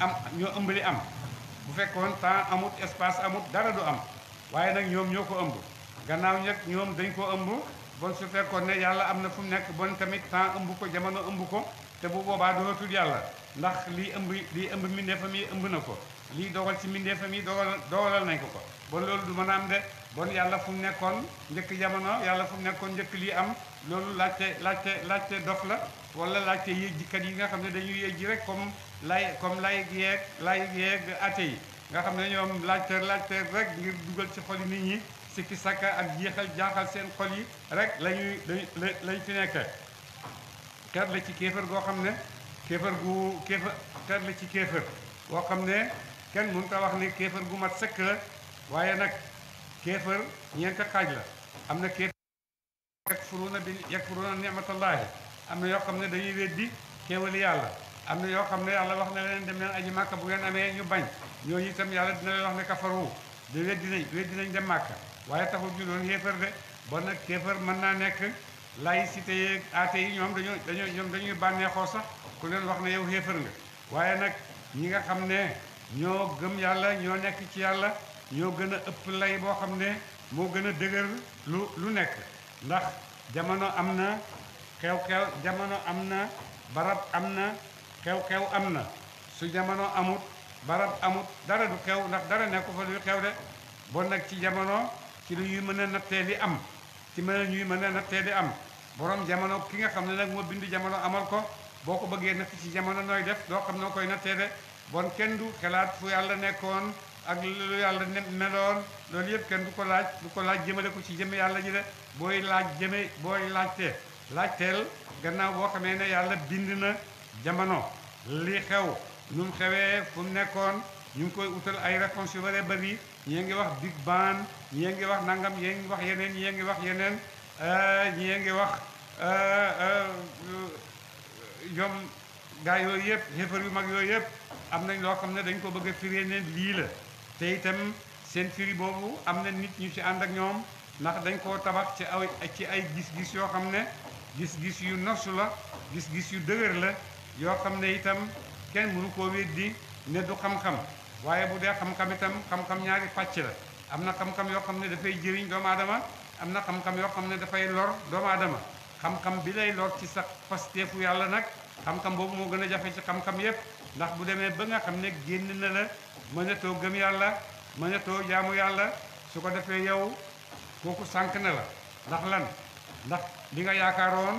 am ñoo ëmb li am bu fekkoon temps amut espace amut dara du am waaye nag ñoom ñoo ko ëmb gannaaw ñeg ñoom dañ koo ëmb bon su fekkoon ne yàlla am na fu mu nekk bon tamit temps ëmb ko jamono ëmb ko te bu boobaa dootul yàlla ndax lii ëmb lii ëmb mbindeefam yi ëmb na ko lii dogal ci mbindeefam yi dogal dogalal nañ ko ko bon loolu du mën a am de bon yàlla fu mu nekkoon njëkk jamono yàlla fu mu nekkoon njëkk lii am loolu laajte laajte laajte dof la wala laajte yéej jikat yi nga xam ne dañuy yéej ji rek lay comme lay gi yeeg lay gi yeeg ate yi nga xam ne ñoom laajteer laajteer rek ngir dugal ci xol yi nit ñi sikki sakka ak yéexal jaaxal seen xol yi rek lañuy la lañ fi nekk xeet la ci kéefër goo xam ne kéefër gu kéefër xeet la ci kéefër boo xam ne kenn mënu ta wax ne kéefër gu mat sëkk la waaye nag kéefër ñeenti xaaj la am na kéefër yakfuruna bi yakfuruna ni'matallahi am na yoo xam ne dañuy weddi kéewali yàlla am na yoo xam ne yàlla wax na leen dem leen aji màkka bu ngeen amee ñu bañ ñooñu itam yàlla dina leen wax ne kafaru de weddi nañ weddi màkka waaye taxul ñu doon yéefar de bon nag yéefar mën naa nekk laïcité yeeg athée yi ñoom dañoo dañoo ñoom dañuy bànneexoo sax ku leen wax ne yow yéefar nga waaye nag ñi nga xam ne ñoo gëm yàlla ñoo nekk ci yàlla ñoo gën a ëpp lay boo xam ne moo gën a dëgër lu lu nekk ndax jamono am na xew-xew jamono am na barab am na xew-xew am na su jamono amut barab amut dara du xew ndax dara nekku fa luy xew de bon nag ci jamono ci lu ñuy mën a nattee di am ci mën a ñuy mën a nattee di am borom jamono ki nga xam ne nag moo bindu jamono amal ko boo ko bëggee natt ci jamono nooy def doo xam noo koy nattee de bon kenn du xalaat fu yàlla nekkoon ak lu yàlla meloon loolu yëpp kenn du ko laaj du ko laaj jëmale ko ci jëme yàlla ji de booy laaj jëme booy laajtee laajteel gannaaw boo xamee ne yàlla bind na jamono li xew nu mu xewee fu mu nekkoon ñu ngi koy utal ay réponse yu bare bëri ñii ngi wax big ban ñii ngi wax nangam ñii ngi wax yeneen ñii ngi wax yeneen ñii ngi wax yom gaa yooyu yëpp xéefar yu mag yooyu yëpp am nañ loo xam ne dañ ko bëgg a firee ne lii la te itam seen firi boobu am na nit ñu ci ànd ak ñoom ndax dañ koo tabax ci ay ci ay gis-gis yoo xam ne gis-gis yu nosu la gis-gis yu dëgër la yoo xam ne itam kenn mënu koo weddi ne du xam-xam waaye bu dee xam-xam itam xam-xam ñaari pàcc la am na xam-xam yoo xam ne dafay jiriñ doomu aadama am na xam-xam yoo xam ne dafay lor doomu aadama xam-xam bi lay lor ci sa pasteefu yàlla nag xam-xam boobu moo gën a jafe ci xam-xam yépp ndax bu demee ba nga xam ne génn na la mënatoo gëm yàlla mënatoo jaamu yàlla su ko defee yow kooku sànq na la ndax lan ndax li nga yaakaaroon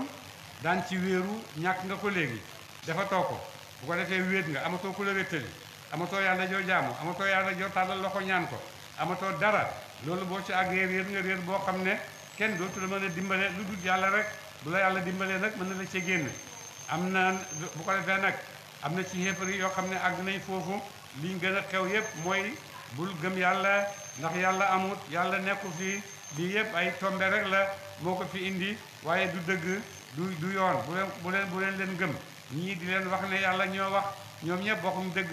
daan ci wéeru ñàkk nga ko léegi defatoo ko bu ko defee wéet nga amatoo ku la wéttali amatoo yàlla joo jaamu amatoo yàlla joo tàllal loxo ñaan ko amatoo dara loolu boo ci àggee réer nga réer boo xam ne kenn dootu la mën a dimbale lu dul yàlla rek bu la yàlla dimbalee nag mën na la ci génn am na bu ko defee nag am na ci xéefar yoo xam ne àgg nañ foofu liñ gën a xew yépp mooy bul gëm yàlla ndax yàlla amut yàlla nekku fii lii yépp ay tombe rek la moo ko fi indi waaye du dëgg du du yoon bu leen bu leen leen leen gëm ñii di leen wax ne yàlla ñoo wax ñoom ñëpp waxuñ dëgg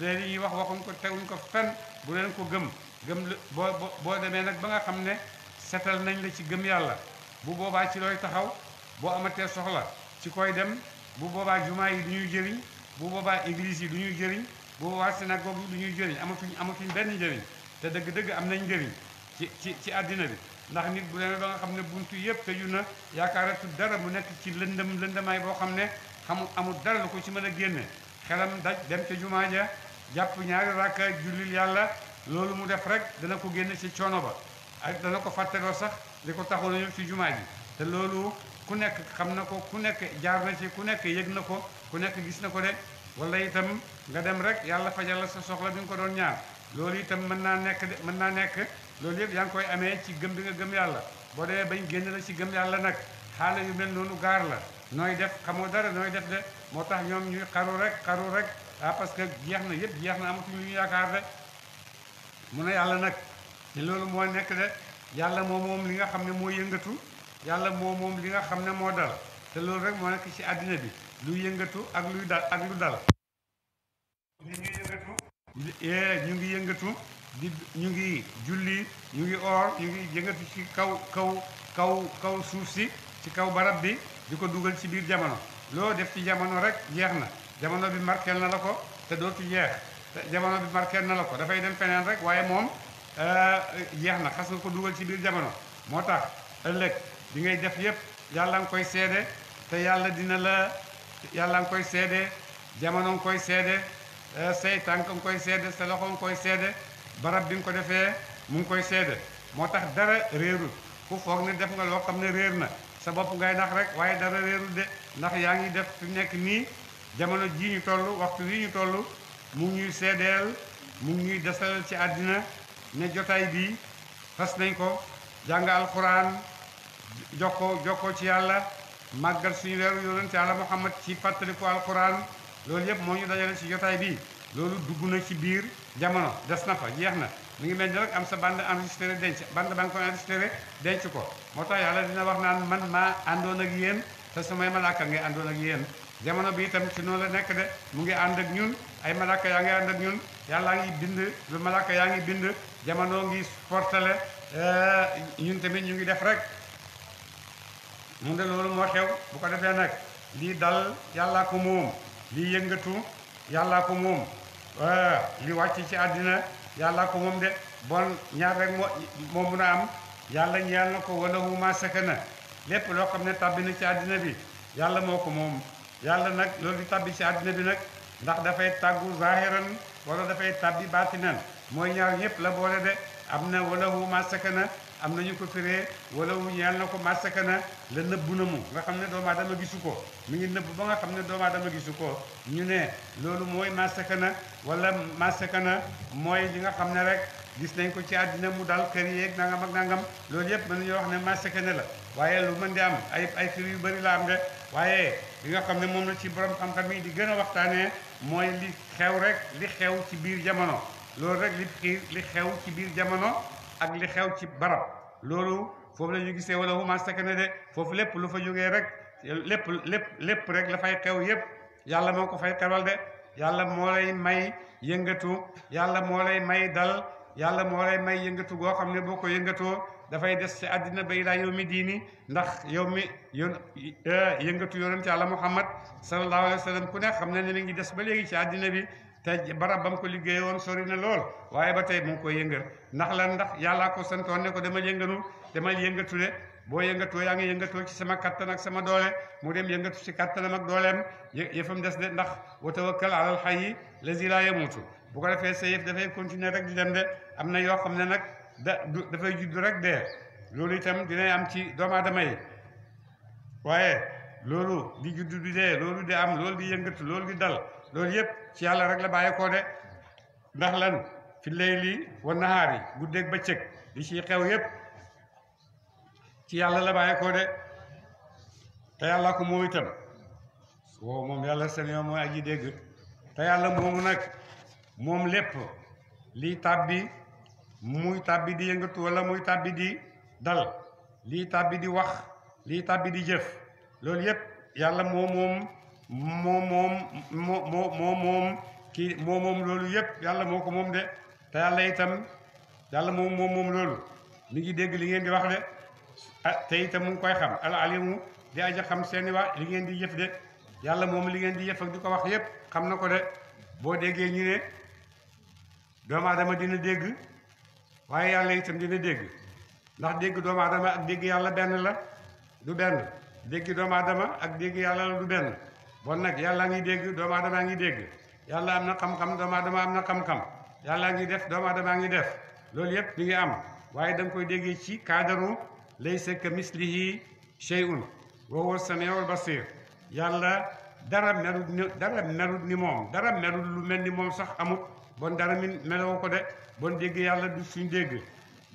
leen ñuy wax waxuñ ko teguñ ko fen bu leen ko gëm gëm boo boo demee nag ba nga xam ne setal nañ la ci gëm yàlla bu boobaa ci looy taxaw boo amatee soxla ci koy dem bu boobaa jumaa yi du ñuy jëriñ bu boobaa église yi du ñuy jëriñ bu boobaa synagogue yi du ñuy jëriñ amatuñ amatuñ benn njëriñ te dëgg-dëgg am nañ njëriñ ci ci ci àddina bi ndax nit bu demee ba nga xam ne buntu yëpp tëju na yaakaaratu dara mu nekk ci lëndëm lëndëmaay boo xam ne xamul amul dara lu ko ci mën a génne xelam daj dem ca jumaa ja jàpp ñaari rakka jullil yàlla loolu mu def rek dana ko génn ci coono ba ak dana ko fàtteloo sax li ko taxoon a ñëw ci jumaa ji te loolu ku nekk xam na ko ku nekk jaar na ci ku nekk yëg na ko ku nekk gis na ko de wala itam nga dem rek yàlla fajal la sa soxla bi nga ko doon ñaar loolu itam mën naa nekk mën naa nekk loolu yëpp yaa ngi koy amee ci gëm bi nga gëm yàlla boo demee bañ génn la ci gëm yàlla nag xaala yu mel noonu gaar la nooy def xamoo dara nooy def de moo tax ñoom ñuy xaru rek xaru rek ah parce que jeex na yëpp jeex na amatuñu ñu yaakaar de mu ne yàlla nag te loolu moo nekk de yàlla moo moom li nga xam ne moo yëngatu yàlla moo moom li nga xam ne moo dal te loolu rek moo nekk ci àddina bi luy yëngatu ak luy dal ak lu dal ñu ngi yëngatu eh ñu ngi julli ñu ngi oor ñu ngi yëngatu ci kaw kaw kaw kaw suuf si ci kaw barab bi di ko dugal ci biir jamono loo def ci jamono rek jeex na jamono bi markeel na la ko te doo ci jeex jamono bi markel na la ko dafay dem feneen rek waaye moom euh, jeex na xas nga ko dugal ci biir jamono moo tax ëllëg di ngay def yépp yàlla nga koy seede te yàlla dina la yàlla nga koy seede jamono nga koy seede euh, say tànk nga koy seede sa loxo nga koy seede barab bi nga ko defee mu ngi koy seede moo tax dara réerul ku foog ne def nga loo xam ne réer na sa bopp ngay nax rek waaye dara réerul de ndax yaa ngi def fi nekk nii jamono ji ñu toll waxtu wi ñu toll mu ngi ñuy seedeel mu ngi ñuy desal ci àddina ne jotaay bi fas nañ ko jàng alxuraan jokko jokko ci yàlla màggal suñu weeru yonent yàlla Muhammad ci fàttaliku alxuraan loolu yëpp moo ngi dajale ci jotaay bi loolu dugg na ci biir jamono des na fa jeex na mi ngi melni rek am sa bande enregistré denc bande bang ko enregistré denc ko moo yalla dina wax nan man ma andon ak yeen te sama malaka ngay andon ak yeen jamono bi tam ci noonu la de mu ngi and ak ñun ay malaka ya ngi and ak ñun yalla ngi bind lu malaka ya ngi bind jamono ngi portale eh, ñun tamit ñu ngi def rek mu ngi lolu mo xew bu ko defé nak li dal yalla ko mom li yëngatu yalla ko moom eh, li wacc ci adina yalla ko mom de bon ñaar rek moo moo mun am yalla ñeel na ko wala huma sakana lepp lo xamne ne na ci adina bi yalla moko mom yalla nak nag loolu tàbbi ci adina bi nak ndax da fay tagu zahiran wala da fay tabbi batinan moy ñaar ñëpp la boole de amna na wala huma sakana am nañu ko firee wala ñeel na ko na la nëbbu na mu nga xam ne doomu aadama gisu ko mu ngi nëbb ba nga xam ne doomaa dama gisu ko ñu ne loolu mooy masakana wala na mooy li nga xam ne rek gis nañ ko ci àddina mu dal kër yeeg nangam ak nangam loolu yëpp mën nañoo wax ne ne la waaye lu mën di am ay ay firi yu bëri la am de waaye li nga xam ne moom la ci borom xam-xam yi di gën a waxtaanee mooy li xew rek li xew ci biir jamono loolu rek li xew ci biir jamono. ak li xew ci barab loolu foofu la ñu gisee wala huma sakana de foofu lépp lu fa jógee rek lépp lépp lépp rek la fay xew yépp yàlla moo ko fay xewal de yàlla moo lay may yëngatu yàlla moo lay may dal yàlla moo lay may yëngatu goo xam ne boo ko yëngatoo dafay des ci àddina ba ilaa yow mi diini ndax yow mi yoon yëngatu yonent yàlla muhammad sallallahu alayhi wa sallam ku ne xam na ne ngi des ba léegi ci àddina bi te bara ba mu ko liggéey woon sori na lool waaye ba tey mu ngi koy yëngal ndax lan ndax yàllaa ko santoon ne ko demal yënganu demal yëngatu de boo yëngatoo yaa ngi yëngatoo ci sama kattan ak sama doole mu dem yëngatu ci kattanam ak dooleem yëfam des de ndax wa tawakkal alal hayyi lazi laa yamuutu bu ko defee sa yëf dafay continuer rek di dem de am na yoo xam ne nag da dafay juddu rek dee loolu itam dinay am ci doomu aadama yi waaye loolu di juddu di loolu di am loolu di yëngatu loolu di dal loolu yëpp ci yàlla rek la bàyyeekoo de ndax lan fi layli wa nahaari guddeeg bëccëg li ci xew yépp ci yàlla la bàyyeekoo de te yàlla ko moom itam moom yàlla mooy aji dégg te yàlla moomu nag moom lépp li tàbbi muy tàbbi di yëngatu wala muy tàbbi di dal li tàbbi di wax li tàbbi di jëf loolu yépp yàlla moo moom moo moom moo moom kii moo moom loolu yëpp yàlla moo ko moom de te yàlla itam yàlla moom moom moom loolu mi ngi dégg li ngeen di wax de ah te itam mu ngi koy xam al alimu di aja seeni wax li ngeen di yëf de yàlla moom li ngeen di yëf ak di ko wax yépp xam na ko de boo déggee ñu ne doomu aadama dina dégg waaye yàlla itam dina dégg ndax dégg doomu aadama ak dégg yàlla benn la du benn déggi doomu aadama ak dégg yàlla la du benn bon nag yàllaa ngi dégg doomu aadamaa ngi dégg yàlla am na xam-xam doomu aadamaa am na xam-xam yàllaa ngi def doomu aadamaa ngi def loolu yëpp mi ngi am waaye da koy déggee ci kaadaru laysa ka mislihi shay'un wa huwa samiul basir yàlla dara melut ni dara melut ni moom dara melut lu mel ni moom sax amut bon dara mi meloo ko de bon dégg yàlla du suñ dégg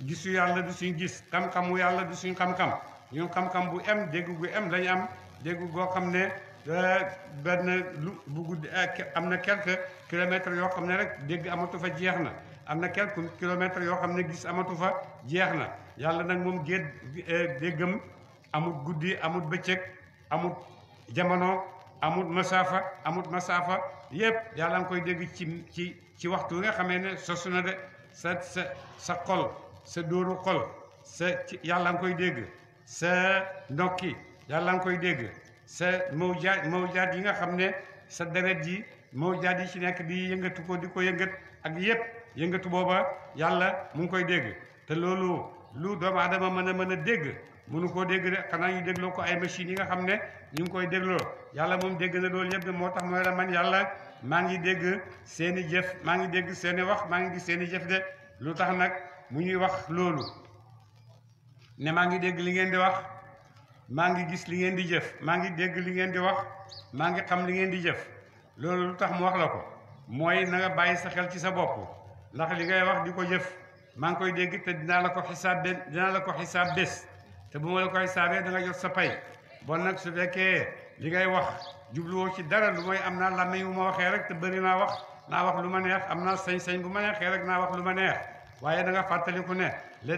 gisu yàlla du suñ gis xam-xamu yàlla du suñ xam-xam ñun xam-xam bu em dégg gu em lañu am dégg goo xam ne benn lu bu guddi eh, am na quelques kilomètres yoo xam ne rek dégg amatu fa jeex na am na quelques kilomètres yoo xam ne gis amatu fa jeex na yàlla nag moom géej eh, déggam amut guddi amut bëccëg amut jamono amut masaafa amut masaafa yépp yàlla nga koy dégg ci ci ci waxtu nga xamee ne sosu na de sa sa sa xol sa dóoru xol sa yàlla nga koy dégg sa ndokki yàlla nga koy dégg sa mawjaat mawjaat yi nga xam ne sa deret ji mawjaat yi ci nekk di yëngatu ko di ko yëngat ak yépp yëngatu booba yàlla mu ngi koy dégg te loolu lu doomu aadama mën a mën a dégg mënu koo dégg de xanaa ñu dégloo ko ay machines yi nga xam ne ñu ngi koy dégloo yàlla moom dégg na loolu yëpp moo tax mooy la man yàlla maa ngi dégg seen i jëf maa ngi dégg seeni wax maa ngi gis seen i jëf de lu tax nag mu ñuy wax loolu ne maa ngi dégg li ngeen di wax maa ngi gis li ngeen di jëf maa ngi dégg li ngeen di wax maa ngi xam li ngeen di jëf loolu lu tax mu wax la ko mooy na nga bàyyi sa xel ci sa bopp ndax li ngay wax di ko jëf maa ngi koy dégg te dinaa la ko xisaab de dinaa la ko xisaab bés te bu ma la ko xisaabee da nga jot sa pay bon nag su fekkee li ngay wax jubluwoo ci dara lu mooy am naa làmmiñ wu ma waxee rek te bëri naa wax naa wax lu neex am naa sañ bu ma neexee rek naa wax lu neex waaye da nga fàttaliku ne la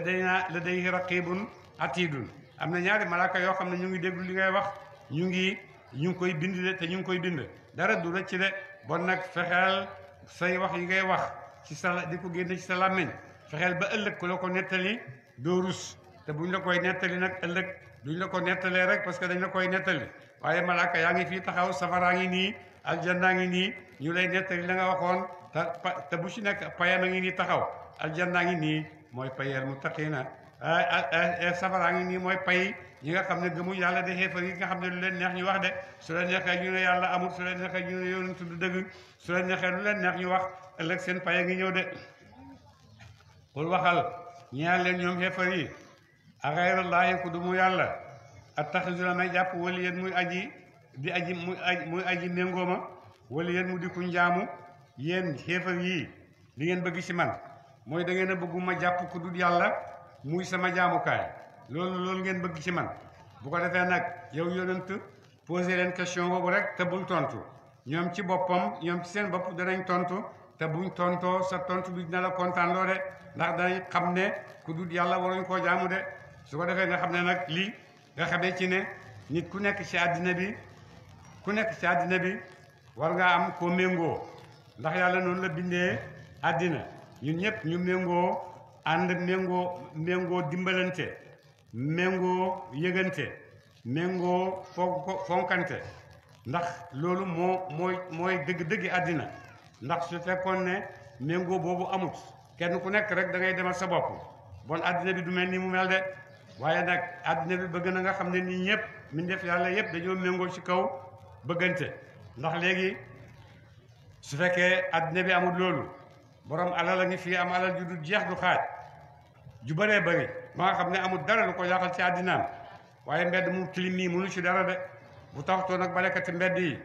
raqibun atidun am ñaari malaka yo xamne ñu ngi déglu li ngay wax ñu ngi ñu koy bind de te ñu koy bind dara du rëcc de bon nak fexel say wax yi ngay wax ci sala di genn ci sala meñ fexel ba ëlëk ko lako netali do rus te buñ la koy netali nak ëlëk duñ la ko netale rek parce que dañ la koy netali waye malaka ya ngi fi taxaw safara ngi al janna ngi ni ñu lay netali la nga waxoon te bu ci nekk payam ngi ni taxaw janna ngi nii safaraangi nii mooy pay ñi nga xam ne gëmuñ yàlla de xeefar yi nga xam ne lu leen neex ñu wax de su leen neexee ñu ne yàlla amul su leen neexee ñu ne yonent du dëgg su leen neexee lu leen neex ñu wax ëllëg seen paye ngi ñëw de qul waxal leen yi ku du mu may jàpp wali muy aji di aji muy aji muy aji méngooma wala yéen mu di ku njaamu yéen xeefar yii li ngeen bëgg si man mooy da ngeen bëgguma ku dul muy sama jaamukaay loolu loolu ngeen bëgg ci man bu ko defee nag yow yonent posé leen question boobu rek te bul tontu ñoom ci boppam ñoom ci seen bopp danañ tontu te buñ tontoo sa tontu bi dina la kontaan loo de ndax danañ xam ne ku dul yàlla waruñ koo jaamu de su ko defee nga xam ne nag lii nga xamee ci ne nit ku nekk ci àddina bi ku nekk ci àddina bi war ngaa am koo méngoo ndax yàlla noonu la bindee àddina ñun ñëpp ñu méngoo ànd méngoo méngoo dimbalante méngoo yëgante méngoo fonk fonkante ndax loolu moo mooy mooy dëgg-dëggi àddina ndax su fekkoon ne méngoo boobu amut kenn ku nekk rek da ngay demal sa bopp bon àddina bi du mel ni mu mel de waaye nag àddina bi bëgg na nga xam ne nii ñëpp mu def yàlla yëpp dañoo méngoo ci kaw bëggante ndax léegi su fekkee àddina bi amul loolu borom alal a ngi fii am alal ju du jeex du xaaj ju bëree bëri ma xam ne amul dara lu ko yàqal ci àddinaam waaye mbedd mu tilim yi mënu ci dara de bu taxutoo nag balekati mbedd yi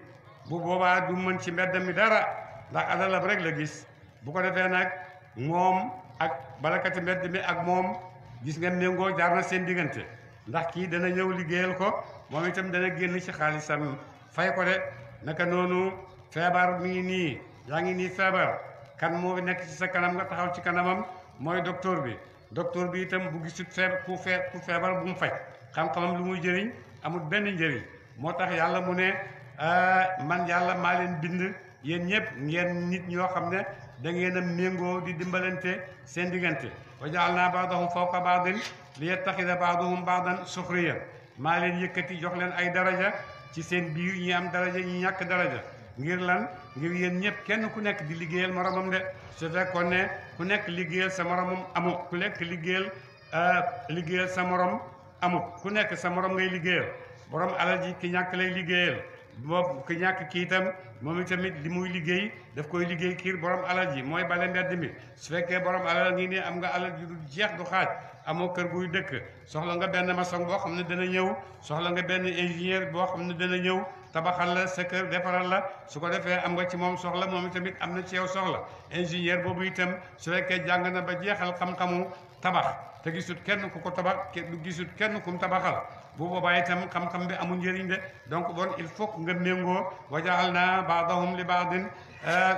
bu boobaa du mën ci mbedd mi dara ndax alalam rek la gis bu ko defee nag moom ak balekati mbedd mi ak moom gis nga méngoo jaar na seen diggante ndax kii dana ñëw liggéeyal ko moom itam dana génn ci xaalisam fay ko de naka noonu feebar mi ngi nii yaa ngi nii feebar kan moo nekk ci sa kanam nga taxaw ci kanamam mooy docteur bi docteur bi itam bu gisut feeb ku fee feebar bu mu faj xam-xamam lu muy jëriñ amul benn njëriñ moo tax yàlla mu ne ah, man yàlla maa leen bind yéen ñëpp ngeen nit ñoo xam ne da ngeen a méngoo di dimbalante seen diggante wa jaal naa baadahum fawqa baadin li yettaxida baaduhum baadan suxriya maa leen yëkkati jox leen ay daraja ci seen biir ñi am daraja ñi ñàkk daraja ngir lan ngir yéen ñëpp kenn ku nekk di liggéeyal moromam de su fekkoon ne ku nekk liggéeyal sa moromam amut ku nekk liggéeyal euh, liggéeyal sa moroom amut ku nekk sa morom ngay liggéeyal borom alal ji ki ñàkk lay liggéeyal boobu ki ñàkk kii itam moom itamit li muy liggéey daf koy liggéey kiir borom alal ji mooy bale mbedd mi su fekkee borom alal ngi nii am nga alal ju du jeex du xaaj amoo kër guy dëkk soxla nga benn maçon boo xam ne dana ñëw soxla nga benn ingénieur boo xam ne dana ñëw tabaxal la sa kër defaral la su ko defee am nga ci moom soxla moom itamit am na ci yow soxla ingénieur boobu itam su fekkee jàng na ba jeexal xam-xamu tabax te gisut kenn ku ko tabax gisut kenn kum tabaxal bu boobaa itam xam-xam bi amul njëriñ de donc bon il faut nga méngoo wa jaxal naa baadahum li baadin euh,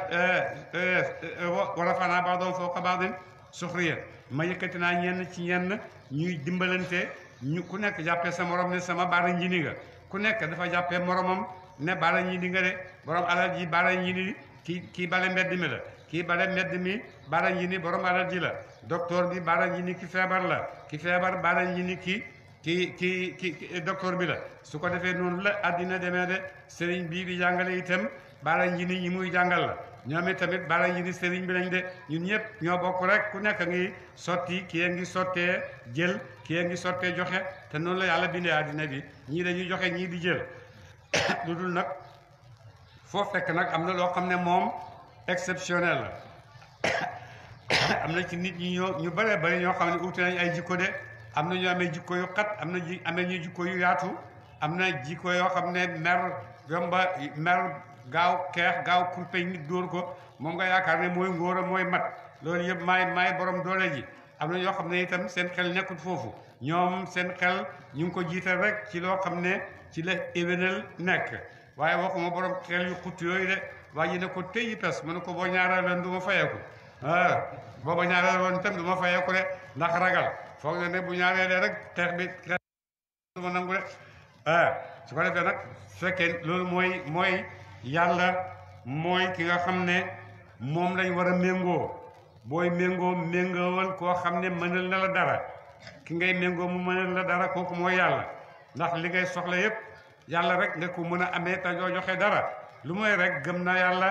euh, euh, wa rafanaa baadahum fawqa baadin suxriya ma yëkkati naa ñenn ci ñenn ñuy dimbalante ñu ku nekk jàppee sa morom ne sama baara njini nga ku nekk dafa jàppee moromam ne bala ñii di nga de borom alal ji bala ñii ni kii kii bale mbedd mi la kii bale mbedd mi bala yi ni borom alal ji la docteur bi bala ñii ni ki feebar la ki feebar bala ñii ni ki ki ki ki docteur bi la su ko defee noonu la àddina demee de sëriñ bii di jàngale itam bala ñii ni ñi muy jàngal la ñoom tamit bala yi ni sëriñ bi lañ de ñun ñëpp ñoo bokk rek ku nekk ngi sotti kii ngi sottee jël kii ngi sottee joxe te noonu la yàlla bindee àddina bi ñii dañuy joxe ñii di jël lu dul nag foo fekk nag am na loo xam ne moom exceptionnel la am na ci nit ñi ñoo ñu bëree bëri ñoo xam ne uute nañ ay jikko de am na ñu amee jikko yu xat am na ji amee ñu jikko yu yaatu am na jikko yoo xam ne mer yomba mer gaaw xeex gaaw kurpeñ nit dóor ko moom nga yaakaar ne mooy ngóor mooy mat loolu yëpp maay maay borom doole ji am na ñoo xam ne itam seen xel nekkut foofu ñoom seen xel ñu ngi ko jiital rek ci loo xam ne ci la événal nekk waaye waxuma borom xel yu xut yooyu de waa ji ne ko tëyi pes mu ne ko boo ñaareel du ma fayeeku a ah, booba ñaareel woon itam du ma fayeeku de ndax ragal foog na ne bu ñaareelee rek xeex bi du ma nangu de ah, su ko defee nag fekkee loolu mooy mooy yàlla mooy ki nga xam ne moom lañ war a méngoo booy méngoo méngoowal koo xam ne mënal na la dara ki ngay méngoo mu mënal la dara kooku mooy yàlla ndax li ngay soxla yépp yàlla rek nga ko mën a amee te doo joxe dara lu mooy rek gëm naa yàlla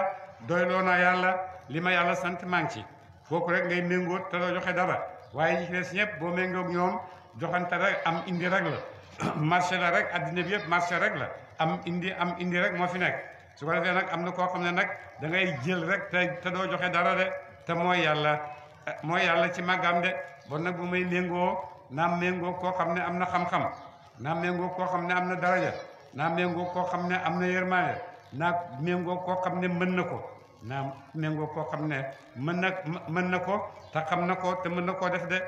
doyloo naa yàlla li ma yàlla sant maa ngi ci kooku rek ngay méngoo te doo joxe dara waaye yi ci des boo méngoo ak ñoom joxante rek am indi rek la marché la rek addina bi yëpp marché rek la am indi am indi rek moo fi nekk su ko defee nag am na koo xam ne nag dangay ngay jël rek te te doo joxe dara de te mooy yàlla eh, mooy yàlla ci màggam de bon nag bu may méngoo naam méngoo koo xam ne am na xam-xam naam méngoo koo xam ne am na daraja naam méngoo koo xam ne am na yërmaane naam méngoo koo xam ne mën na ko naam méngoo koo xam ne mën na na ko te xam na ko te mën na koo def de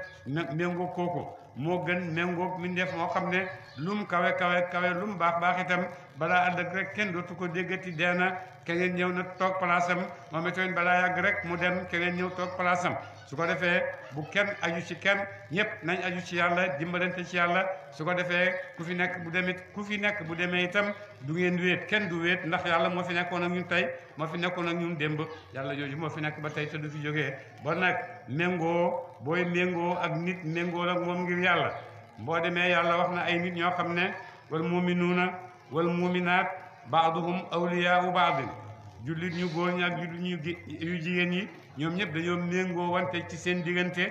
méngoo kooku moo gën méngoo mi def moo xam ne lum kawe kawe kawe lum baax baax itam balaa ànd ak rek kenn dootu ko déggati dee na keneen ñëw na toog palaasam moom itamit balaa yàgg rek mu dem keneen ñëw toog palaasam su ko defee bu kenn aju ci kenn ñëpp nañ aju ci yàlla dimbalante ci yàlla su ko defee ku fi nekk bu demit ku fi nekk bu demee itam du ngeen wéet kenn du wéet ndax yàlla moo fi nekkoon ak ñun tey moo fi nekkoon ak ñun démb yàlla jooju moo fi nekk ba tey te du fi jógee ba nag méngoo booy méngoo ak nit méngoo la moom ngir yàlla boo demee xam ne wal wal muuminaat baaduhum awliyaau baadin jullit ñu góor ñi ak jullit ñu jigéen yi ñoom ñëpp dañoo méngoo wante ci seen diggante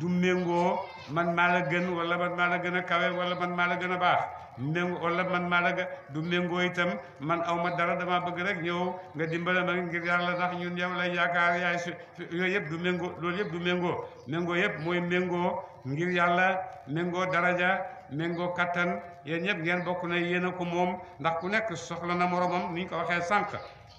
du méngoo man maa la gën wala man maa la gën a kawe wala man maa la gën a baax méngoo wala man maa la du méngoo itam man aw ma dara damaa bëgg rek ñëw nga dimbale ma ngir yàlla ndax ñun yow lay yaakaar yaay su yooyu yëpp du méngoo loolu yëpp du méngoo méngoo yëpp mooy méngoo ngir yàlla méngoo daraja méngoo kattan yen ñep ngeen bokku ne yéen ko mom ndax ku nek soxla na moromam ni ko waxe sank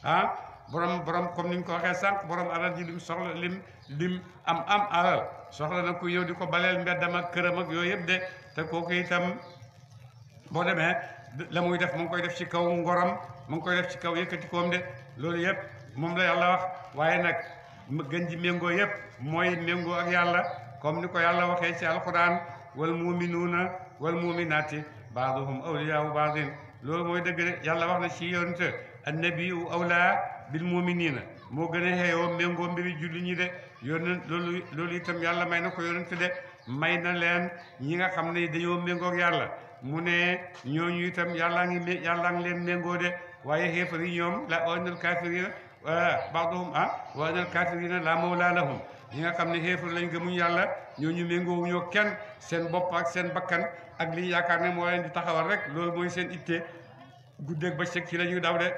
ah borom borom comme ni ko waxe sank borom alal ji lim soxla lim lim am am alal soxla na ku yow diko balel baleel mbeddam ak kërëm ak yooyu yëpp de te kooku itam bo demé la muy def mu ngi koy def ci kaw ngoram mu koy def ci kaw yëkkatikoom de loolu yëpp mom la yalla wax waaye nag gën ji mengo moy mengo ak yalla comme ni ko ci alquran wal mu'minuna wal mu'minati baaduhum awliyaau baadin loolu mooy dëgg de yàlla wax na ci yonte annabiyu awlaa bil muminina moo gën a xeeyoo méngoo mbiri julli ñi de yonent loolu loolu itam yàlla may na ko yonente de may na leen ñi nga xam ne dañoo méngoog yàlla mu ne ñooñu itam yàllaa ngi yàllaa ngi leen méngoo de waaye xeefar yi ñoom la anal kafirina baaduhum ah wa anal kafirina la mawla ñi nga xam ne xeefar lañ gëmuñ yàlla ñooñu méngoowu ñoo kenn seen bopp ak seen bakkan ak li yaakaar ne moo leen di taxawal rek loolu mooy seen ittee ba bëccëg ci la ñuy daw de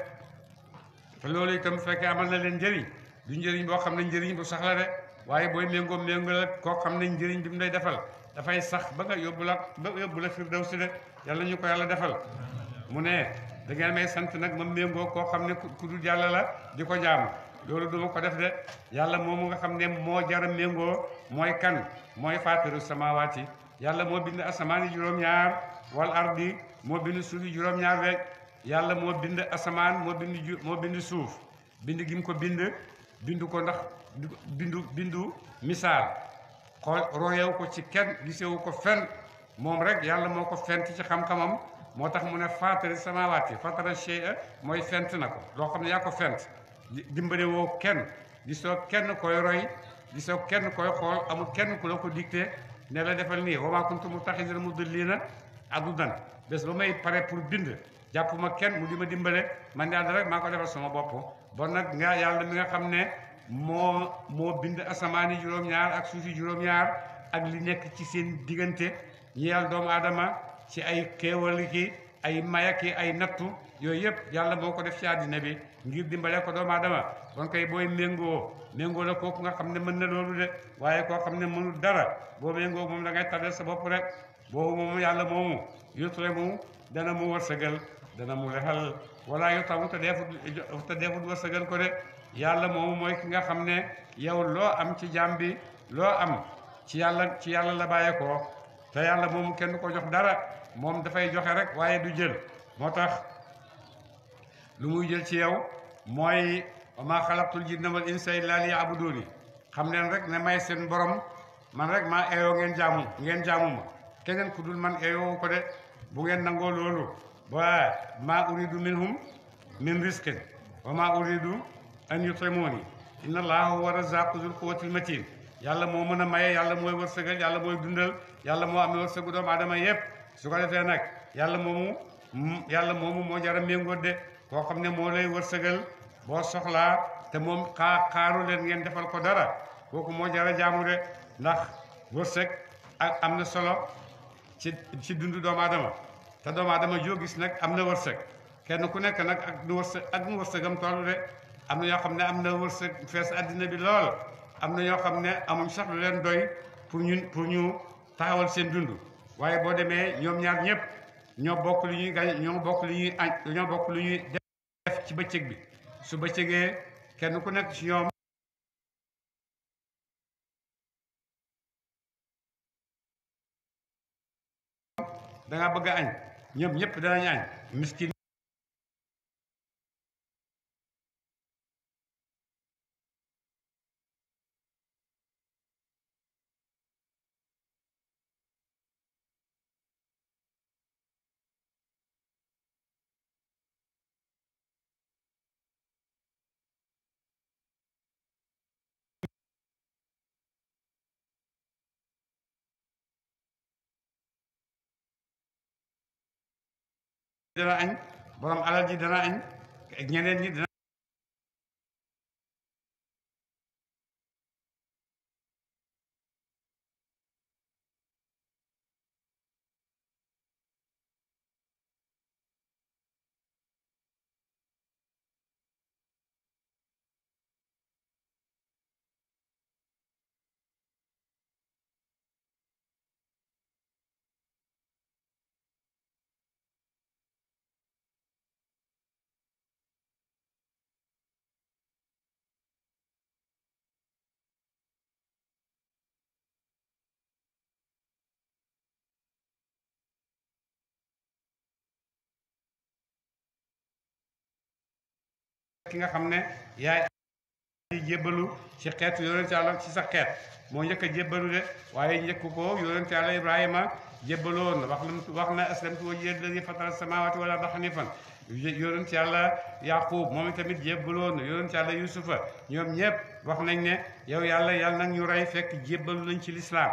te loolu itam fekkee amal na leen njëriñ du njëriñ boo xam ne njëriñ bu sax la waaye booy méngoo méngoo koo xam ne njëriñ bi mu lay defal dafay sax ba nga yóbbu la ba yóbbu la firdawsi de yàlla ñu ko yàlla defal mu ne da ngeen may sant nag ma méngoo koo xam ne ku dul yàlla la di ko jaamu loolu duma ko def de yàlla moomu nga xam ne moo jara méngoo mooy kan mooy faatiru samaawaati yàlla moo bind asamaani juróom-ñaar wal ardi moo bind suufi juróom-ñaar rek yàlla moo bind asamaan moo bind ju moo bind suuf bind gim ko bind bindu ko ndax bindu bindu misaal xool royewu ko ci kenn gisewu ko fenn moom rek yàlla moo ko fent ci xam-xamam moo tax mu ne faatari samaawaati faatara shay'a mooy fent na ko loo xam ne yaa ko fent dimbale kenn gisoo kenn koy roy li gisoo kenn koy xool amul kenn ku la ko dicté ne la defal nii wa maa kuntu muttaxidal mudilliina adudan bés ba may pare pour bind jàppuma kenn mu di ma dimbale man yàlla rek maa ko defal sama bopp bon nag nga yàlla mi nga xam ne moo moo bind asamaan yi juróom-ñaar ak suuf yi juróom-ñaar ak li nekk ci seen diggante ñeel doomu aadama ci ay xéewal ki ay maya ki ay nattu yooyu yëpp yàlla moo ko def ci àddina bi ngir dimbalee ko doomu aadama kon kay booy méngoo méngoo la kooku nga xam ne mën na loolu de waaye koo xam ne mënul dara boo méngoo moom da ngay tardé sa bopp rek boobu moom yàlla moomu yutule mu dana mu wërsëgal dana mu lexal wala yu te deefut te deefut wërsëgal ko de yàlla moomu mooy ki nga xam ne yow loo am ci jàmm bi loo am ci yàlla ci yàlla la bàyyee te yàlla moomu kenn ko jox dara moom dafay joxe rek waaye du jël moo tax lu muy jël ci yow mooy wa maa xalaqtul jinna wal insa illa liya'buduni xam neen rek ne may seen borom man rek maa eeyoo ngeen jaamu ngeen jaamu ma keneen ku man eeyoo ko de bu ngeen nangoo loolu ba maa uridu minhum min risqin wa maa uridu an yutimuni inna war a razaqu zul quwwatil matin yàlla moo mën a maye yàlla mooy wërsëgal yàlla mooy dundal yàlla moo amee wërsëgu doomu adama yépp su ko defee nag yàlla moomu yàlla moomu moo jara méngóo de koo xam ne moo lay wërsëgal boo soxlaa te moom xaa xaaru leen ngeen defal ko dara kooku moo jara jaamu de ndax wërsëg ak am na solo ci ci dundu doomu aadama te doomu aadama joo gis nag am na wërsëg kenn ku nekk nag ak nu wërsëg ak nu wërsëgam toll de am na yoo xam ne am na wërsëg fees àddina bi lool am na ñoo xam ne amuñ sax lu leen doy pour ñu pour ñu taxawal seen dund waaye boo demee ñoom ñaar ñëpp ñoo bokk lu ñuy gañ ñoo bokk lu ñuy añ ñoo bokk lu ñuy def ci bëccëg bi suba bëccëgee kenn ku nekk ci ñoom da nga bëgg a añ ñëpp ñëpp danañ añ miskin dana añ borom alal ji dana añ ak ñeneen ñi ki nga xam ne yaay jébbalu ci xeetu yonent yàlla ci sa xeet moo njëkk a jébbalu de waaye njëkk ko yonent yàlla Ibrahima jébbaloon wax na wax na aslamtu wajhiya lillazi fatara samawati wal arda hanifan yonent yàlla Yaqub moom tamit jébbaloon yonent yàlla Yusufa ñoom ñëpp wax nañ ne yow yàlla yàlla nag ñu rey fekk jébbalu nañ ci lislaam